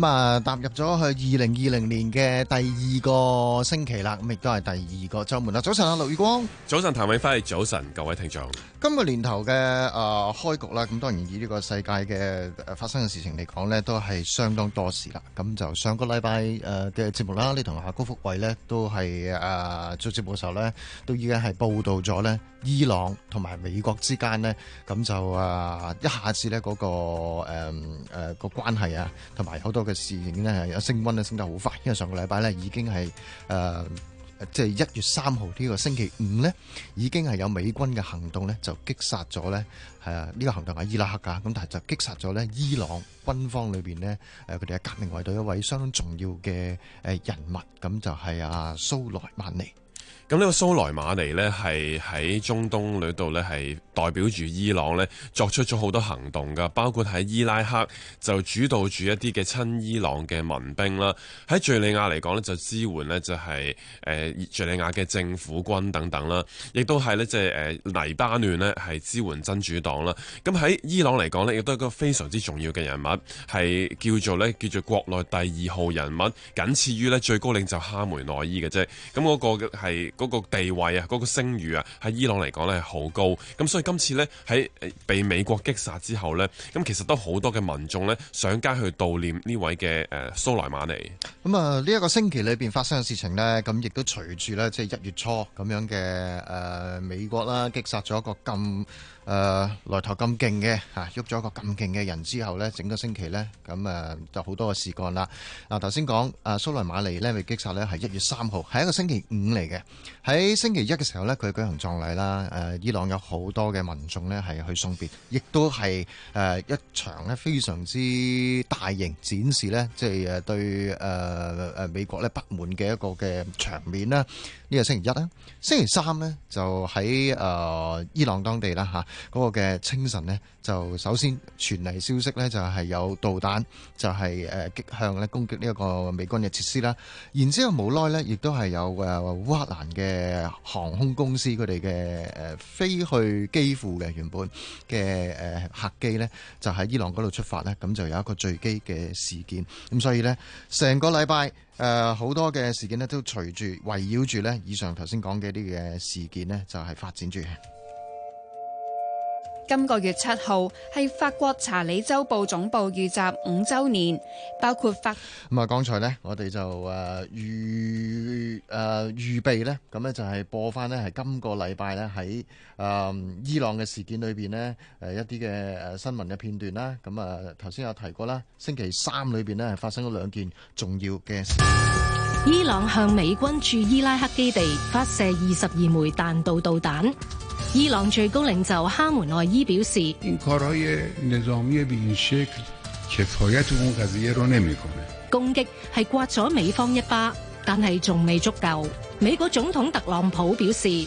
咁啊，踏入咗去二零二零年嘅第二個星期啦，咁亦都係第二個周末啦。早晨啊，劉宇光早，早晨譚偉輝，早晨各位聽眾，今個年頭嘅啊開局啦，咁當然以呢個世界嘅發生嘅事情嚟講咧，都係相當多事啦。咁就上個禮拜誒嘅節目啦，你同阿高福慧咧都係誒做節目嘅時候咧，都已經係報道咗咧，伊朗同埋美國之間咧，咁就啊、呃、一下子咧、嗰個誒誒個關係啊，同埋好多嘅事情咧係有升溫咧，升得好快，因為上個禮拜咧已經係誒，即係一月三號呢個星期五咧，已經係有美軍嘅行動咧，就擊殺咗咧誒呢個行動係伊拉克㗎，咁但係就擊殺咗咧伊朗軍方裏邊咧誒佢哋嘅革命衛隊一位相當重要嘅誒人物，咁就係啊蘇萊曼尼。咁呢個蘇萊馬尼呢，係喺中東裏度呢，係代表住伊朗呢，作出咗好多行動噶，包括喺伊拉克就主導住一啲嘅親伊朗嘅民兵啦，喺敘利亞嚟講呢就支援呢，就係誒敘利亞嘅政府軍等等啦，亦都係呢即係誒黎巴嫩呢，係支援真主黨啦。咁喺伊朗嚟講呢亦都係一個非常之重要嘅人物，係叫做呢，叫做國內第二號人物，僅次於呢最高領袖哈梅內伊嘅啫。咁嗰個係。嗰個地位啊，嗰、那個聲譽啊，喺伊朗嚟講呢，係好高。咁所以今次呢，喺被美國擊殺之後呢，咁其實都好多嘅民眾呢，上街去悼念呢位嘅誒蘇萊瑪尼。咁啊、嗯，呢、呃、一、這個星期裏邊發生嘅事情呢，咁亦都隨住呢，即係一月初咁樣嘅誒、呃、美國啦擊殺咗一個咁誒、呃、來頭咁勁嘅吓，喐、啊、咗一個咁勁嘅人之後呢，整個星期呢，咁啊就好多個事幹啦。嗱頭先講啊蘇萊瑪尼呢，被擊殺呢，係一月三號，係一個星期五嚟嘅。喺星期一嘅時候咧，佢舉行葬禮啦。誒，伊朗有好多嘅民眾咧係去送別，亦都係誒一場咧非常之大型展示咧，即係誒對誒誒美國咧不滿嘅一個嘅場面啦。呢個星期一啊，星期三咧就喺誒伊朗當地啦吓，嗰個嘅清晨咧就首先傳嚟消息咧就係有導彈就係誒擊向咧攻擊呢一個美軍嘅設施啦。然之後冇耐咧亦都係有誒烏克蘭。嘅航空公司佢哋嘅誒飛去基輔嘅原本嘅誒、呃、客機呢，就喺伊朗嗰度出發呢，咁就有一個墜機嘅事件。咁所以呢，成個禮拜誒好多嘅事件呢，都隨住圍繞住呢。以上頭先講嘅呢啲嘅事件呢，就係、是、發展住。今個月七號係法國查理周刊總部遇襲五周年，包括法咁啊！剛才呢，我哋就誒預誒預備咧，咁呢就係播翻呢。係、就是、今個禮拜呢，喺誒、嗯、伊朗嘅事件裏邊呢，誒一啲嘅誒新聞嘅片段啦。咁啊，頭先有提過啦，星期三裏邊呢，係發生咗兩件重要嘅事。伊朗向美軍駐伊拉克基地發射二十二枚彈道導彈。伊朗最高領袖哈門內伊表示：攻擊係刮咗美方一巴，但係仲未足夠。美國總統特朗普表示：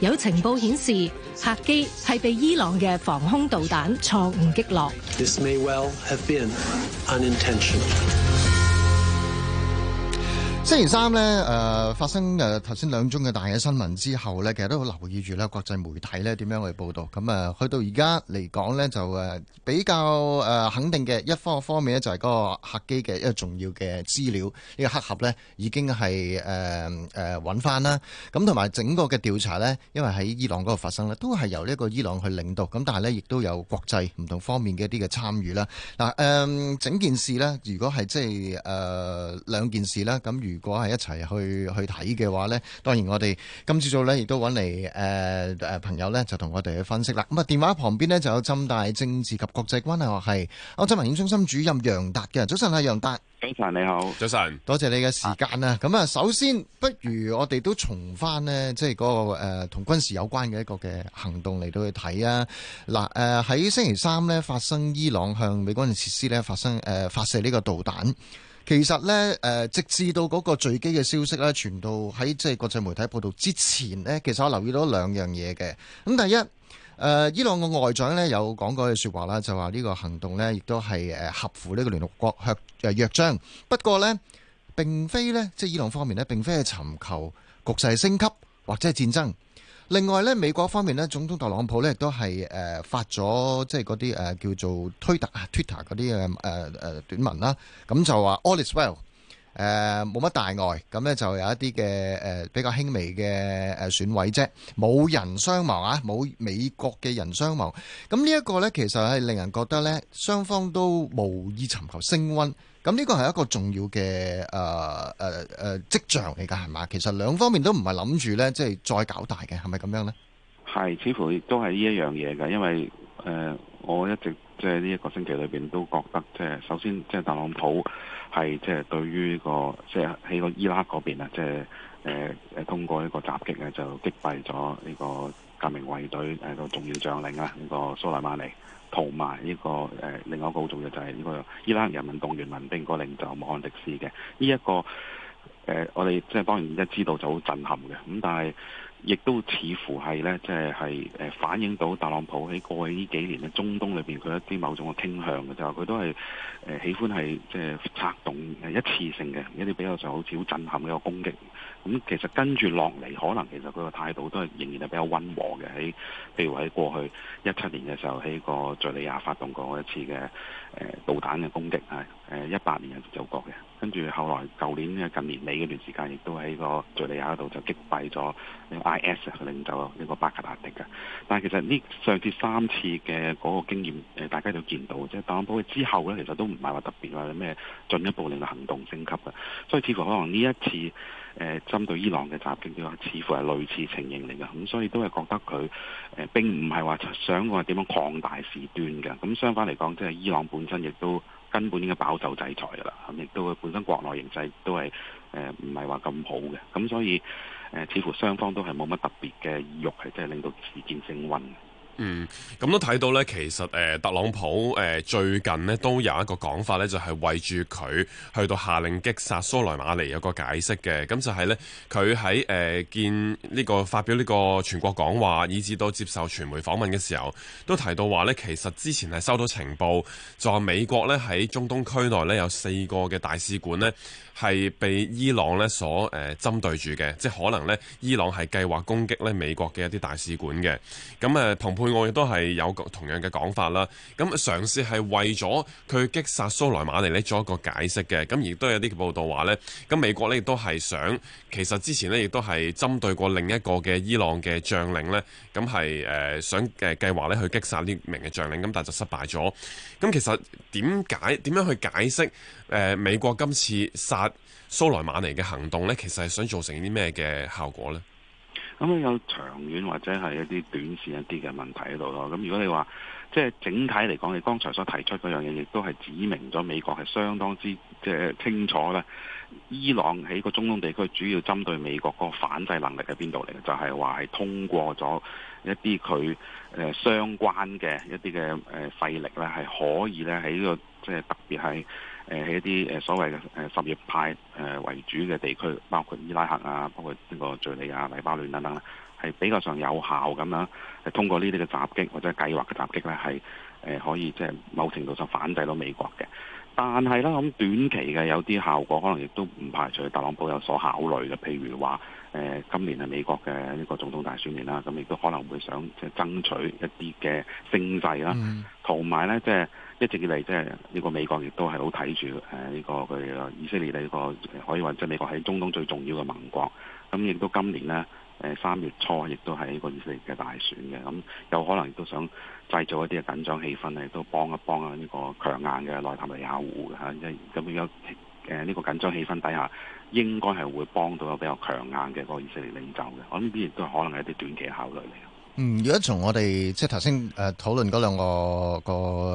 有情報顯示，客機係被伊朗嘅防空導彈錯誤擊落。This may well have been 星期三咧，誒、呃、發生誒頭先兩宗嘅大嘅新聞之後咧，其實都好留意住咧國際媒體咧點樣去報道。咁啊去到而家嚟講咧，就誒比較誒肯定嘅一方方面咧，就係個客機嘅一個重要嘅資料，呢、呢個黑盒咧已經係誒誒揾翻啦。咁同埋整個嘅調查咧，因為喺伊朗嗰度發生咧，都係由呢個伊朗去領導，咁但係咧，亦都有國際唔同方面嘅一啲嘅參與啦。嗱、嗯、誒整件事咧，如果係即係誒兩件事啦，咁如如果係一齊去去睇嘅話呢，當然我哋今朝早呢，亦都揾嚟誒誒朋友呢，就同我哋去分析啦。咁啊，電話旁邊呢，就有浸大政治及國際關係學系歐洲文獻中心主任楊達嘅早晨，阿楊達，早晨你好，早晨，多謝你嘅時間啊。咁啊，首先不如我哋都重翻呢，即係嗰個同、呃、軍事有關嘅一個嘅行動嚟到去睇啊。嗱、呃、誒，喺、呃、星期三呢，發生伊朗向美國嘅設施呢，發生誒、呃、發射呢個導彈。其實咧，誒直至到嗰個墜機嘅消息咧，傳到喺即係國際媒體報道之前咧，其實我留意到兩樣嘢嘅。咁第一，誒伊朗嘅外長咧有講過嘅説話啦，就話呢個行動咧亦都係誒合乎呢個聯合國約、呃、約章。不過呢，並非咧，即係伊朗方面咧並非係尋求局勢升級或者係戰爭。另外呢，美國方面呢，總統特朗普呢，亦都係誒、呃、發咗即係嗰啲叫做推特啊 Twitter 嗰啲、呃呃、短文啦，咁就話 All is well。誒冇乜大礙，咁咧就有一啲嘅誒比較輕微嘅誒損毀啫，冇人傷亡啊，冇美國嘅人傷亡。咁呢一個咧，其實係令人覺得咧，雙方都無意尋求升溫。咁呢個係一個重要嘅誒誒誒跡象嚟㗎，係嘛？其實兩方面都唔係諗住咧，即係再搞大嘅，係咪咁樣咧？係，似乎都係呢一樣嘢㗎，因為。誒、呃，我一直即係呢一個星期裏邊都覺得，即係首先即係特朗普係即係對於呢、這個即係喺個伊拉克嗰邊啊，即係誒誒通過呢個襲擊嘅就擊敗咗呢個革命衛隊誒個重要將領啊，呢、這個蘇萊曼尼，同埋呢個誒、呃、另外一個好重要就係呢個伊拉克人民動員民兵個領袖穆罕迪斯嘅，呢一、這個誒、呃、我哋即係當然一知道就好震撼嘅，咁但係。亦都似乎係咧，即係係誒反映到特朗普喺過去呢幾年嘅中東裏邊，佢一啲某種嘅傾向嘅，就係、是、佢都係誒、呃、喜歡係即係策動誒一次性嘅一啲比較上好似好震撼嘅一個攻擊。咁、嗯、其實跟住落嚟，可能其實佢個態度都係仍然係比較温和嘅。喺譬如喺過去一七年嘅時候，喺個敍利亞發動過一次嘅誒、呃、導彈嘅攻擊係。誒一八年嘅走國嘅，跟住後來舊年嘅近年尾嗰段時間，亦都喺個敍利亞度就擊斃咗呢個 I.S. 去領走呢個巴格達迪。嘅。但係其實呢上次三次嘅嗰個經驗，呃、大家都見到即係打完保嘅之後呢，其實都唔係話特別或者咩進一步令到行動升級嘅，所以似乎可能呢一次誒、呃、針對伊朗嘅襲擊嘅話，似乎係類似情形嚟嘅咁，所以都係覺得佢誒、呃、並唔係話想話點樣擴大事端嘅。咁相反嚟講，即係伊朗本身亦都。根本應該飽受制裁嘅啦，咁亦都本身國內形勢都係誒唔係話咁好嘅，咁所以誒、呃，似乎雙方都係冇乜特別嘅意欲係真係令到事件升溫。嗯，咁都睇到咧，其實誒、呃、特朗普誒、呃、最近咧都有一個講法咧，就係、是、為住佢去到下令擊殺蘇萊馬尼有個解釋嘅，咁就係咧佢喺誒見呢、這個發表呢個全國講話，以至到接受傳媒訪問嘅時候，都提到話咧，其實之前係收到情報，就話美國咧喺中東區內咧有四個嘅大使館咧係被伊朗咧所誒、呃、針對住嘅，即係可能咧伊朗係計劃攻擊咧美國嘅一啲大使館嘅，咁誒同。嗯嗯我亦都係有同樣嘅講法啦，咁嘗試係為咗佢擊殺蘇萊馬尼呢做一個解釋嘅，咁亦都有啲報道話呢，咁美國呢亦都係想，其實之前呢亦都係針對過另一個嘅伊朗嘅將領呢。咁係誒想誒計劃呢去擊殺呢名嘅將領，咁但係就失敗咗。咁其實點解點樣去解釋誒美國今次殺蘇萊馬尼嘅行動呢？其實係想造成啲咩嘅效果呢？咁啊，有長遠或者係一啲短線一啲嘅問題喺度咯。咁如果你話即係整體嚟講，你剛才所提出嗰樣嘢，亦都係指明咗美國係相當之即係、就是、清楚咧。伊朗喺個中東地區主要針對美國嗰個反制能力喺邊度嚟？就係話係通過咗一啲佢誒相關嘅一啲嘅誒費力咧，係可以咧喺呢個即係、就是、特別係。誒喺一啲誒所謂嘅誒什葉派誒為主嘅地區，包括伊拉克啊，包括呢個敍利亞、黎巴嫩等等啦，係比較上有效咁樣，係通過呢啲嘅襲擊或者計劃嘅襲擊咧，係誒可以即係某程度上反制到美國嘅。但係咧，咁、嗯、短期嘅有啲效果，可能亦都唔排除特朗普有所考慮嘅，譬如話誒、呃、今年係美國嘅一個總統大選年啦，咁亦都可能會想即係爭取一啲嘅聲勢啦，同埋咧即係。一直以嚟，即係呢個美國亦都係好睇住誒呢個佢、這個、以色列呢、這個，可以話即係美國喺中東最重要嘅盟國。咁、嗯、亦都今年呢，誒、呃、三月初亦都係呢個以色列嘅大選嘅，咁、嗯、有可能亦都想製造一啲嘅緊張氣氛咧，都幫一幫呢個強硬嘅內塔尼亞胡嚇。咁如果呢個緊張氣氛底下，應該係會幫到有比較強硬嘅個以色列領袖嘅。我諗呢啲都可能係一啲短期考慮嚟。嗯，如果從我哋即係頭先誒討論嗰兩個個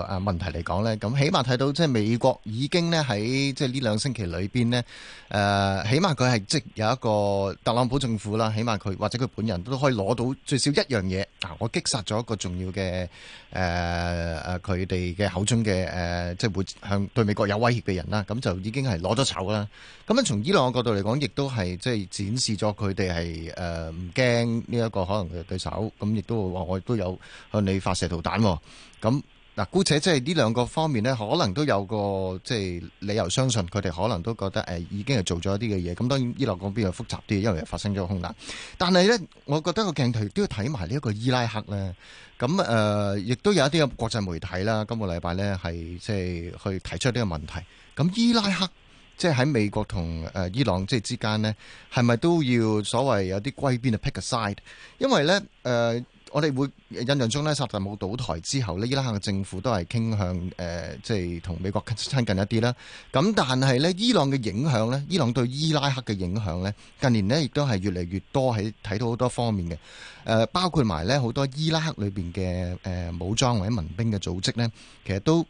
誒問題嚟講咧，咁起碼睇到即係美國已經咧喺即係呢兩星期裏邊咧，誒、呃、起碼佢係即有一個特朗普政府啦，起碼佢或者佢本人都可以攞到最少一樣嘢。嗱、啊，我擊殺咗一個重要嘅誒誒佢哋嘅口中嘅誒、呃，即係會向對美國有威脅嘅人啦，咁、啊、就已經係攞咗籌啦。咁、啊、樣從伊朗角度嚟講，亦都係即係展示咗佢哋係誒唔驚呢一個可能嘅對手，咁、啊、亦都會話我都有向你發射導彈喎。咁、啊啊啊嗱、呃，姑且即係呢兩個方面呢，可能都有個即係理由相信佢哋可能都覺得誒、呃，已經係做咗一啲嘅嘢。咁當然伊朗嗰邊又複雜啲，因為發生咗空難。但係呢，我覺得個鏡頭都要睇埋呢一個伊拉克呢。咁、嗯、誒、呃，亦都有一啲嘅國際媒體啦，今個禮拜呢係即係去提出呢個問題。咁、嗯、伊拉克即係喺美國同誒、呃、伊朗即係之間呢，係咪都要所謂有啲歸邊啊 pick a side？因為呢。誒、呃。呃我哋會印象中呢，薩達姆倒台之後呢，伊拉克嘅政府都係傾向誒、呃，即係同美國親近、近一啲啦。咁但係呢，伊朗嘅影響呢，伊朗對伊拉克嘅影響呢，近年呢亦都係越嚟越多，喺睇到好多方面嘅。誒、呃，包括埋呢好多伊拉克裏邊嘅誒武裝或者民兵嘅組織呢，其實都，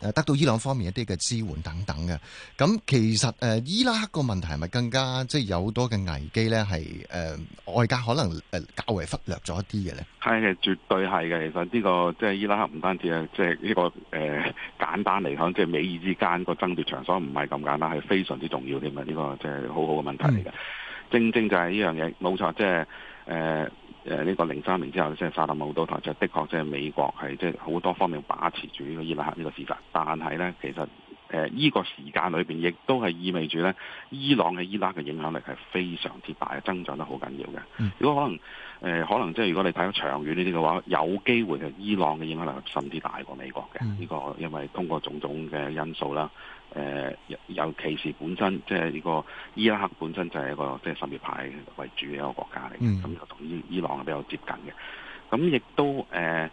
誒得到伊朗方面一啲嘅支援等等嘅，咁其實誒伊拉克個問題係咪更加即係、就是、有多嘅危機咧？係誒、呃、外界可能誒較為忽略咗一啲嘅咧？係絕對係嘅，其實呢、這個即係、就是、伊拉克唔單止係，即係呢個誒、呃、簡單嚟講，即、就、係、是、美伊之間個爭奪場所唔係咁簡單，係非常之重要嘅嘛。呢、這個即係好好嘅問題嚟嘅，嗯、正正就係呢樣嘢冇錯，即係誒。呃誒呢、呃這個零三年之後，即係薩達姆倒台，就是、的確即係美國係即係好多方面把持住呢個伊拉克呢個事實。但係呢，其實誒依、呃這個時間裏邊，亦都係意味住呢伊朗嘅伊拉克影響力係非常之大，增長得好緊要嘅。嗯、如果可能誒、呃，可能即係如果你睇到長遠呢啲嘅話，有機會係伊朗嘅影響力甚至大過美國嘅呢、嗯、個，因為通過種種嘅因素啦。誒、呃，尤其是本身即係呢個伊拉克本身就係一個即係什葉派為主嘅一個國家嚟，咁就同伊伊朗係比較接近嘅。咁亦都誒，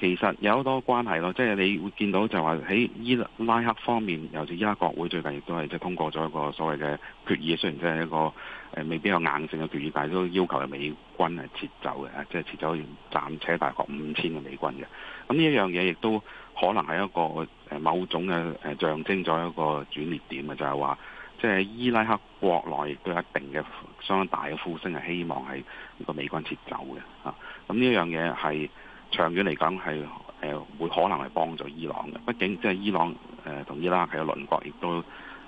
其實有好多關係咯，即係你會見到就話喺伊拉克方面，尤其伊拉克國會最近亦都係即係通過咗一個所謂嘅決議，雖然即係一個。誒未必有硬性嘅決議，但係都要求係美軍係撤走嘅，即係撤走暫且大概五千嘅美軍嘅。咁呢一樣嘢亦都可能係一個誒、呃、某種嘅誒、呃、象徵咗一個轉捩點嘅，就係、是、話即係伊拉克國內亦都有一定嘅相當大嘅呼聲係希望係個美軍撤走嘅。嚇、啊，咁呢一樣嘢係長遠嚟講係誒、呃、會可能係幫助伊朗嘅，畢竟即係伊朗誒同、呃、伊拉克嘅鄰國亦都。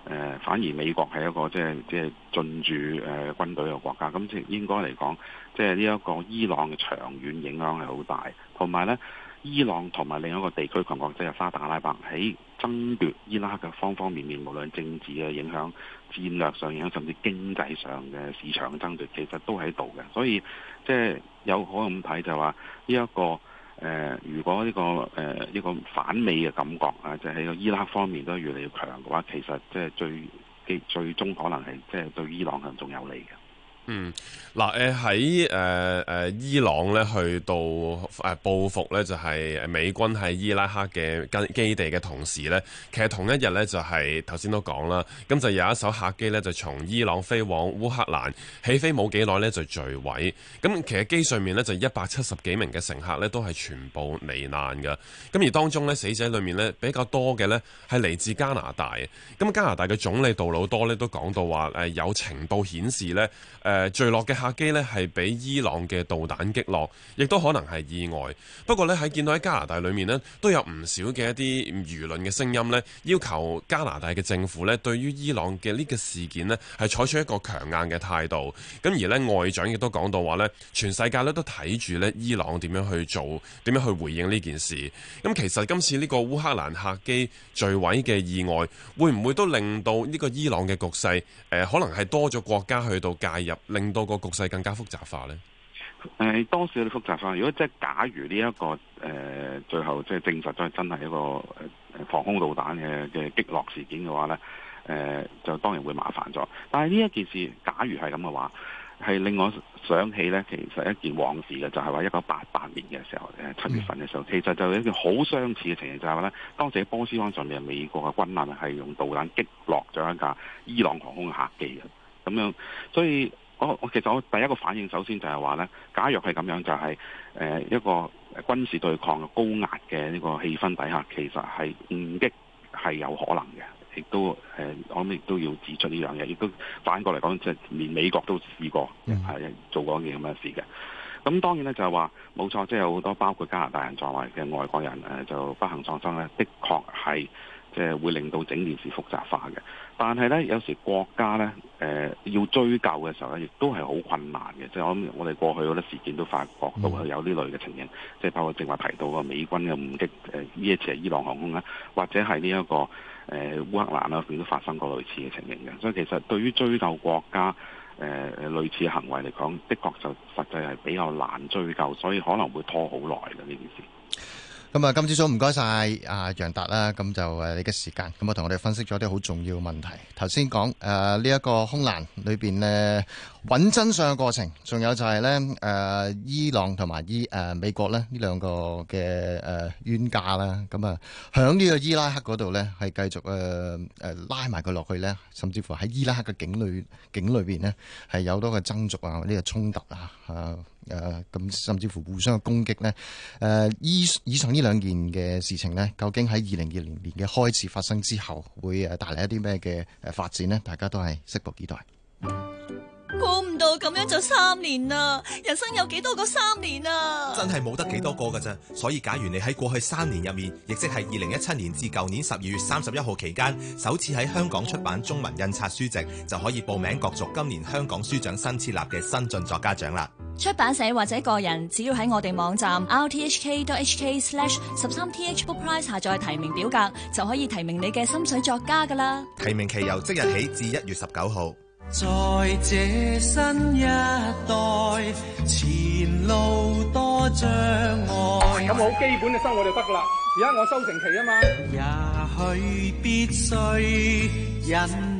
誒，反而美國係一個即係即係進駐誒軍隊嘅國家，咁應應該嚟講，即係呢一個伊朗嘅長遠影響係好大，同埋呢，伊朗同埋另一個地區強國即係沙特阿拉伯喺爭奪伊拉克嘅方方面面，無論政治嘅影響、戰略上影響，甚至經濟上嘅市場爭奪，其實都喺度嘅。所以即係有可能咁睇，就話呢一個。誒、呃，如果呢個誒呢個反美嘅感覺啊，就喺個伊拉克方面都越嚟越強嘅話，其實即係最結最終可能係即係對伊朗係仲有利嘅。嗯，嗱，誒喺誒誒伊朗咧，去到誒、呃、報復咧，就係、是、美軍喺伊拉克嘅基基地嘅同時咧，其實同一日咧就係頭先都講啦，咁就有一艘客機咧就從伊朗飛往烏克蘭起飛，冇幾耐咧就墜毀，咁其實機上面咧就一百七十幾名嘅乘客咧都係全部罹難嘅，咁而當中咧死者裏面咧比較多嘅咧係嚟自加拿大，咁加拿大嘅總理杜魯多咧都講到話誒、呃、有情報顯示咧誒。呃呃墜落嘅客機咧係俾伊朗嘅導彈擊落，亦都可能係意外。不過咧喺見到喺加拿大裏面咧，都有唔少嘅一啲輿論嘅聲音咧，要求加拿大嘅政府咧，對於伊朗嘅呢個事件咧，係採取一個強硬嘅態度。咁而咧外長亦都講到話咧，全世界咧都睇住咧伊朗點樣去做，點樣去回應呢件事。咁其實今次呢個烏克蘭客機墜毀嘅意外，會唔會都令到呢個伊朗嘅局勢誒、呃，可能係多咗國家去到介入？令到個局勢更加複雜化呢？誒、嗯，當時嘅複雜化。如果即係假如呢、這、一個誒、呃，最後即係證實真係真係一個防空導彈嘅嘅擊落事件嘅話呢，誒、呃、就當然會麻煩咗。但係呢一件事，假如係咁嘅話，係令我想起呢，其實一件往事嘅就係話一九八八年嘅時候，誒七月份嘅時候，其實就有一件好相似嘅情形，就係話呢，當時喺波斯灣上面，美國嘅軍艦係用導彈擊落咗一架伊朗航空客機嘅，咁樣，所以。我我其實我第一個反應首先就係話呢，假若係咁樣就係、是、誒一個軍事對抗嘅高壓嘅呢個氣氛底下，其實係誤擊係有可能嘅，亦都誒我諗亦都要指出呢樣嘢，亦都反過嚟講，即係連美國都試過係、嗯、做過呢樣嘅事嘅。咁當然呢，就係話冇錯，即係有好多包括加拿大人在內嘅外國人誒就不幸喪生呢，的確係。即係會令到整件事複雜化嘅，但係呢，有時國家呢誒、呃、要追究嘅時候呢，亦都係好困難嘅。即係我諗我哋過去好多事件都發覺到會有呢類嘅情形，即係、mm. 包括正話提到個美軍嘅誤擊，呢一次係伊朗航空啦，或者係呢一個誒、呃、烏克蘭啦，佢都發生過類似嘅情形嘅。所以其實對於追究國家誒誒、呃、類似行為嚟講，的確就實際係比較難追究，所以可能會拖好耐嘅呢件事。咁啊，今朝早唔該晒阿楊達啦，咁就誒你嘅時間，咁啊同我哋分析咗啲好重要嘅問題。頭先講誒呢一個空難裏邊咧，揾真相嘅過程，仲有就係咧誒伊朗同埋依誒美國咧呢兩個嘅誒冤家啦。咁啊響呢個伊拉克嗰度咧，係繼續誒誒拉埋佢落去咧，甚至乎喺伊拉克嘅境裏境裏邊咧，係有多個爭逐啊，或者係衝突啊，誒。誒，咁、呃、甚至乎互相攻擊呢。誒、呃，依以上呢兩件嘅事情呢，究竟喺二零二零年嘅開始發生之後，會誒帶嚟一啲咩嘅誒發展呢？大家都係拭目以待。估唔到咁樣就三年啦，人生有幾多個三年啊？真係冇得幾多個㗎咋。所以，假如你喺過去三年入面，亦即係二零一七年至舊年十二月三十一號期間，首次喺香港出版中文印刷書籍，就可以報名角逐今年香港書獎新設立嘅新進作家獎啦。出版社或者個人，只要喺我哋網站 rthk.hk/slash 十三 thbookprize 下載提名表格，就可以提名你嘅心水作家噶啦。提名期由即日起至一月十九號。 在這新一代前路多障礙。咁 好基本嘅生活就得噶啦。而家我收成期啊嘛。也許必須忍。人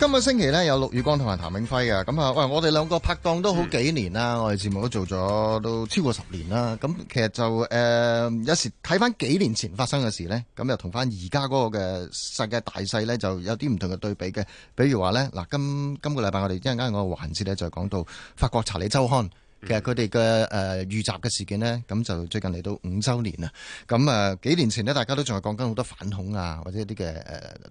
今個星期呢，有陸宇光同埋譚永輝嘅，咁啊喂，我哋兩個拍檔都好幾年啦，嗯、我哋節目都做咗都超過十年啦。咁、嗯、其實就誒、呃，有時睇翻幾年前發生嘅事呢，咁、嗯、又同翻而家嗰個嘅世界大勢呢，呢，就有啲唔同嘅對比嘅。比如話呢，嗱今今個禮拜我哋一陣間嗰個環節呢，就講到法國查理周刊。其實佢哋嘅誒遇襲嘅事件呢，咁就最近嚟到五週年啦。咁啊、呃、幾年前呢，大家都仲係講緊好多反恐啊，或者一啲嘅誒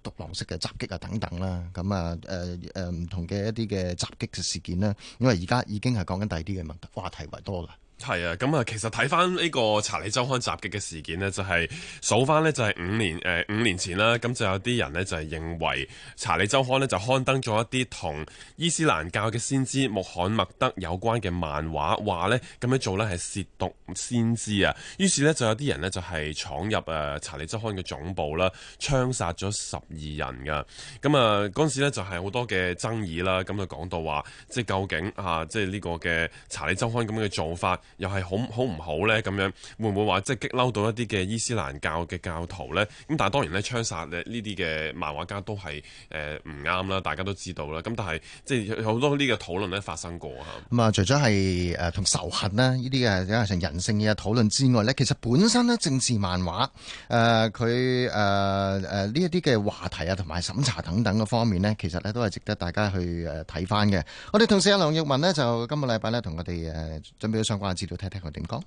獨狼式嘅襲擊啊等等啦、啊。咁啊誒誒唔同嘅一啲嘅襲擊嘅事件呢，因為而家已經係講緊第二啲嘅問題，話題為多啦。係啊，咁啊，其實睇翻呢個查理周刊襲擊嘅事件呢，就係、是、數翻呢，就係五年誒五年前啦，咁就有啲人呢，就係認為查理周刊呢，就刊登咗一啲同伊斯蘭教嘅先知穆罕默德有關嘅漫畫，話呢，咁樣做呢係褻瀆先知啊，於是呢，就有啲人呢，就係闖入誒查理周刊嘅總部啦，槍殺咗十二人噶，咁啊嗰陣時呢就係好多嘅爭議啦，咁就講到話即係究竟啊即係、這、呢個嘅查理周刊咁樣嘅做法，又係好好唔好咧？咁樣會唔會話即係激嬲到一啲嘅伊斯蘭教嘅教徒咧？咁但係當然咧槍殺咧呢啲嘅漫畫家都係誒唔啱啦，大家都知道啦。咁但係即係好多呢個討論咧發生過嚇。咁啊，除咗係誒同仇恨咧呢啲嘅，即係成人性嘅討論之外咧，其實本身咧政治漫畫誒佢誒誒呢一啲嘅話題啊，同埋審查等等嘅方面呢，其實咧都係值得大家去誒睇翻嘅。我哋同事阿梁鈺雯呢，就今個禮拜呢，同我哋誒準備咗相關。知道睇睇佢點講。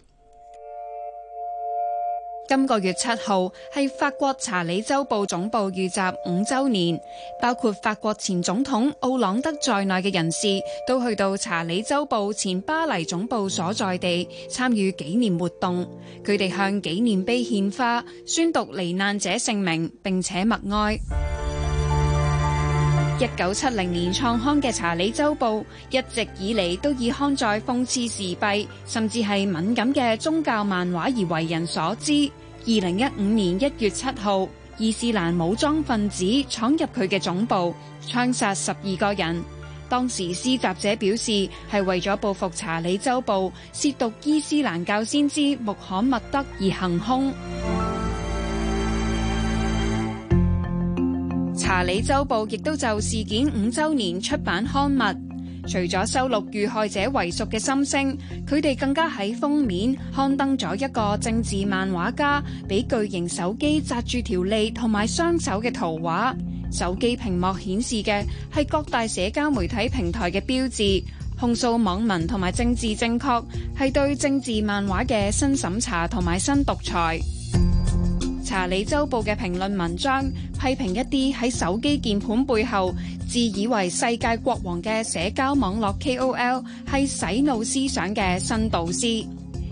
今個月七號係法國查理周刊總部遇襲五週年，包括法國前總統奧朗德在內嘅人士都去到查理周刊前巴黎總部所在地參與紀念活動。佢哋向紀念碑獻花、宣讀罹難者姓名並且默哀。一九七零年創刊嘅查理周報一直以嚟都以刊載諷刺時弊甚至係敏感嘅宗教漫畫而為人所知。二零一五年一月七號，伊斯蘭武裝分子闖入佢嘅總部，槍殺十二個人。當時施襲者表示係為咗報復查理周報褻瀆伊斯蘭教先知穆罕默德而行兇。查理周報亦都就事件五周年出版刊物，除咗收錄遇害者遺屬嘅心聲，佢哋更加喺封面刊登咗一個政治漫畫家俾巨型手機紮住條脷同埋雙手嘅圖畫。手機屏幕顯示嘅係各大社交媒體平台嘅標誌，控訴網民同埋政治正確，係對政治漫畫嘅新審查同埋新獨裁。查理周報嘅評論文章批評一啲喺手機鍵盤背後自以為世界國王嘅社交網絡 KOL 係洗腦思想嘅新導師。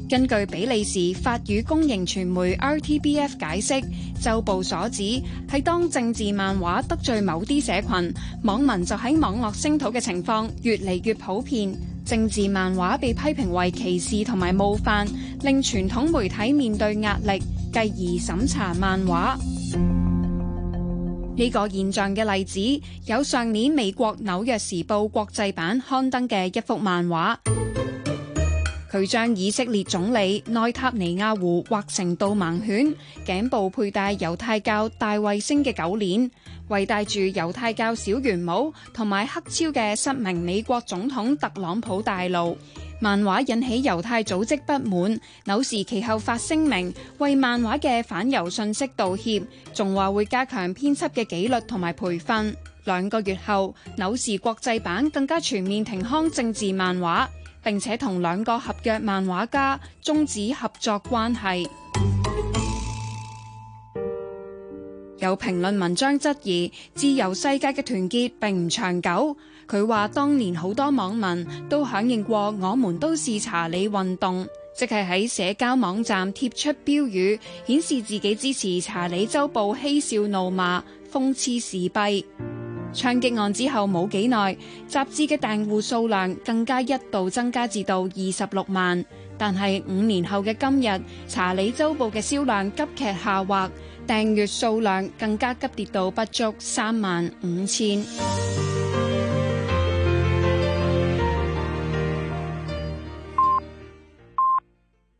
根據比利時法語公營傳媒 RTBF 解釋，週報所指係當政治漫畫得罪某啲社群，網民就喺網絡聲討嘅情況越嚟越普遍，政治漫畫被批評為歧視同埋冒犯，令傳統媒體面對壓力。繼而審查漫畫，呢、這個現象嘅例子有上年美國《紐約時報》國際版刊登嘅一幅漫畫，佢將以色列總理內塔尼亞胡畫成導盲犬，頸部佩戴猶太教大衛星嘅狗鏈，為戴住猶太教小圓帽，同埋黑超嘅失明美國總統特朗普帶路。漫畫引起猶太組織不滿，紐時其後發聲明為漫畫嘅反猶信息道歉，仲話會加強編輯嘅紀律同埋培訓。兩個月後，紐時國際版更加全面停刊政治漫畫，並且同兩個合約漫畫家終止合作關係。有評論文章質疑自由世界嘅團結並唔長久。佢話：當年好多網民都響應過，我們都是查理運動，即係喺社交網站貼出標語，顯示自己支持查理周報，嬉笑怒罵，諷刺時弊。槍擊案之後冇幾耐，雜誌嘅訂戶數量更加一度增加至到二十六萬，但係五年後嘅今日，查理周報嘅銷量急劇下滑，訂閱數量更加急跌到不足三萬五千。